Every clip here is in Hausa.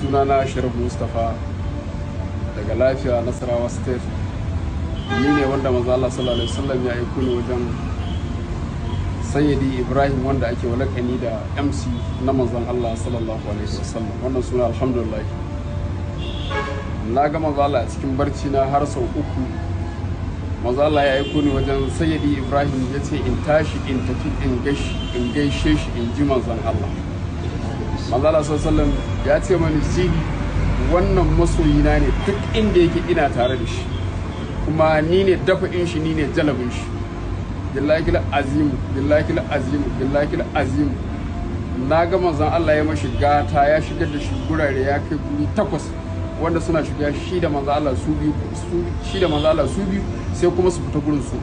sunana sharif mustapha daga lafiya nasarawa state ni ne wanda maza Allah sallallahu alaihi wasallam ya aiko ni wajen sayyidi ibrahim wanda ake walakani da mc na manzon Allah sallallahu alaihi wasallam wannan suna alhamdulillah na ga maza Allah a cikin barci na har sau uku maza Allah ya aiko ni wajen sayyidi ibrahim ya ce in tashi in tafi in gaishe shi in ji manzon Allah manzala sallam ya ce mani shi wannan masoyina ne duk inda yake ina tare da shi kuma ni ne dafa in shi ni ne jalabin shi billahi azimu billahi azimu billahi azimu na ga manzon Allah ya mashi gata ya shigar da shi gurare ya kai guri takwas wanda suna shiga shi da manzon Allah su biyu shi da manzon Allah su biyu sai kuma su fita gurin su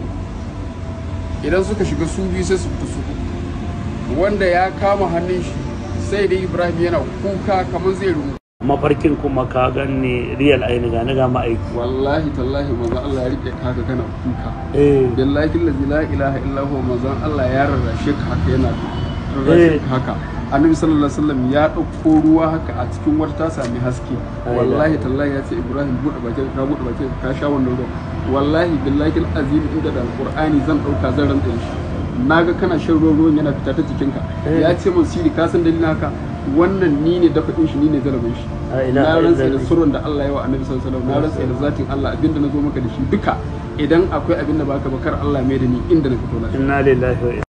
idan suka shiga su biyu sai su fita su wanda ya kama hannun shi sai da ibrahim yana kuka kamar zai rumu mafarkin kuma ka ganni real aini ga na ga aiki wallahi tallahi manzon Allah ya rike ka kana kuka eh billahi allazi la ilaha illa huwa manzon Allah ya rarrashe ka haka yana rarrashe eh. ka haka annabi sallallahu alaihi wasallam ya dauko ruwa haka a cikin wata ta sami haske wallahi tallahi ya ce ibrahim bude bakin ka bude bakin ka sha wannan ruwa wallahi billahi alazi inda da alqur'ani zan dauka zan rantsa shi na ga kana shan ruwan ruwan yana fita ta jikinka eh. ya ce mun siri ka san dalilin haka wannan ni ne dafaɗin shi ni ne zarabin shi na rantsa da surun da Allah ya wa annabi sallallahu alaihi wasallam na rantsa da zatin Allah abinda na zo maka da shi duka idan akwai abin da baka kar Allah mai da ni inda na fito na inna lillahi wa